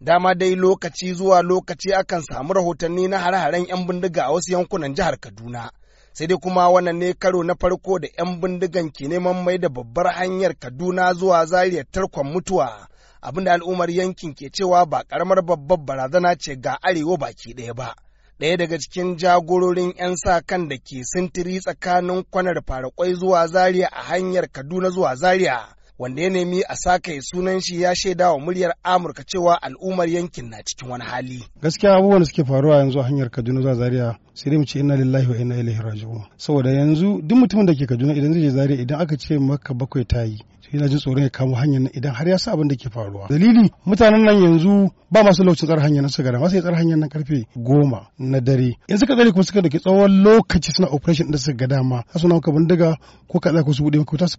dama dai lokaci zuwa lokaci akan samu rahotanni na hare-haren 'yan bindiga a wasu yankunan jihar kaduna sai dai kuma wannan ne karo na farko da 'yan bindigan ke neman mai da babbar hanyar kaduna zuwa zariyar tarkon mutuwa abinda al'ummar yankin ke cewa ba karamar babbar barazana ce ga arewa baki ɗaya ba ɗaya daga cikin jagororin 'yan sa kan da ke sintiri tsakanin kwanar farakwai zuwa Zariya a hanyar kaduna zuwa Zariya. wanda ya nemi a sake sunan shi ya shaida wa muryar Amurka cewa al'ummar yankin na cikin wani hali. Gaskiya abubuwan da suke faruwa yanzu a hanyar Kaduna zuwa Zaria sai dai mu ce inna lillahi wa inna ilaihi raji'un saboda yanzu duk mutumin da ke Kaduna idan zai je Zaria idan aka ce maka bakwai tayi yana jin tsoron ya kamo hanyar nan idan har ya sa abin da ke faruwa dalili mutanen nan yanzu ba masu lokacin tsara hanyar nan suka da masu tsara hanyar nan karfe goma na dare in suka tsare kuma suka dauki tsawon lokaci suna operation da suka ga dama za su na maka bindiga ko ka ko su bude maka wuta su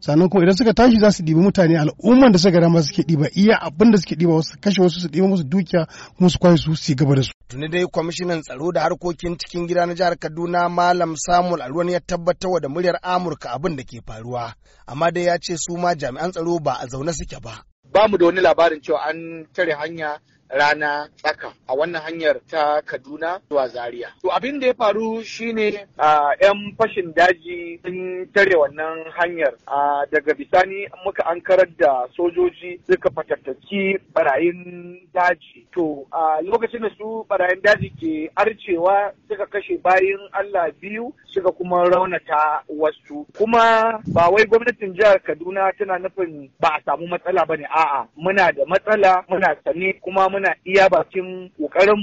sannan kuma idan suka tashi za su ɗibi mutane al'umman da suka ga dama suke ɗiba iya abin da suke ɗiba wasu kashe wasu su ɗiba musu dukiya kuma su kwaye su su gaba da su tuni dai kwamishinan tsaro da harkokin harkokin cikin gida na jihar Kaduna Malam Samuel Alwan ya tabbatar da muryar Amurka abin da ke faruwa, amma dai ya ce su ma jami'an tsaro ba a zaune suke ba. Ba mu da wani labarin cewa an tare hanya rana tsaka a wannan hanyar ta Kaduna zuwa Zaria. To abin da ya faru shine a yan fashin daji sun tare wannan hanyar a daga bisani muka ankarar da sojoji suka fatattaki barayin daji to a lokacin da su barayin daji ke arcewa suka kashe bayan Allah biyu suka kuma raunata wasu kuma ba wai gwamnatin jihar Kaduna tana nufin ba a samu matsala ba ne a'a muna da matsala muna sane kuma muna iya bakin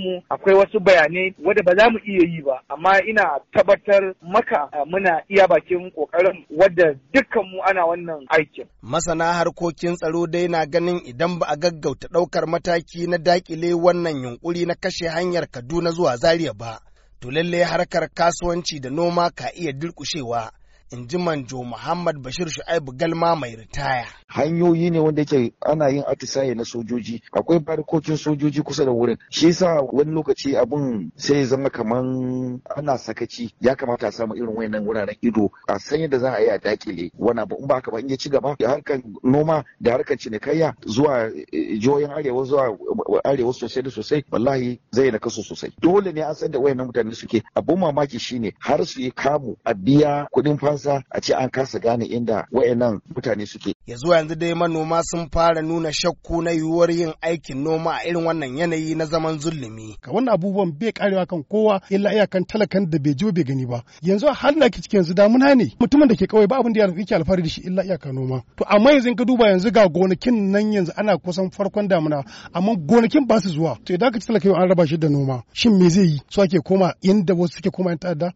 mu akwai wasu bayanai wanda ba za mu iya yi ba amma ina tabbatar maka muna iya bakin kokarin wadda dukkan ana wannan aikin masana harkokin tsaro dai na ganin idan ba a gaggauta ɗaukar mataki na daƙile lalle wannan yunƙuri na kashe hanyar Kaduna zuwa Zaria ba, to lalle harkar kasuwanci da noma ka iya durƙushewa in ji manjo Muhammad Bashir Shu'aibu Galma mai ritaya. Hanyoyi ne wanda yake ana yin atisaye na sojoji, akwai barkokin sojoji kusa da wurin. Shi yasa wani lokaci abun sai ya zama kaman ana sakaci, ya kamata a samu irin wayannan wuraren ido a san da za a yi a dakile wani abu in ba haka ba in ya ci gaba da harkar noma da harkar cinikayya zuwa eh, jihohin arewa zuwa eh, arewa sosai da sosai wallahi zai na kaso sosai. Dole ne an san da wayannan mutane suke abun mamaki shine har su yi kamu a biya kuɗin fansa ƙasa a ce an kasa gane inda wayannan mutane suke. Ya yanzu dai manoma sun fara nuna shakku na yiwuwar yin aikin noma a irin wannan yanayi na zaman zulumi. Ka wannan abubuwan bai karewa kan kowa illa iyakan talakan da bai ji bai gani ba. Yanzu a halin ke ciki yanzu damuna ne mutumin da ke kawai ba abin da yake alfahari da shi illa iyaka noma. To amma yanzu in ka duba yanzu ga gonakin nan yanzu ana kusan farkon damuna amma gonakin ba su zuwa. To idan ka ci talakan an raba shi da noma shin me zai yi su ake koma inda wasu suke koma yan ta'adda.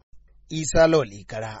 Isa Lawal kara.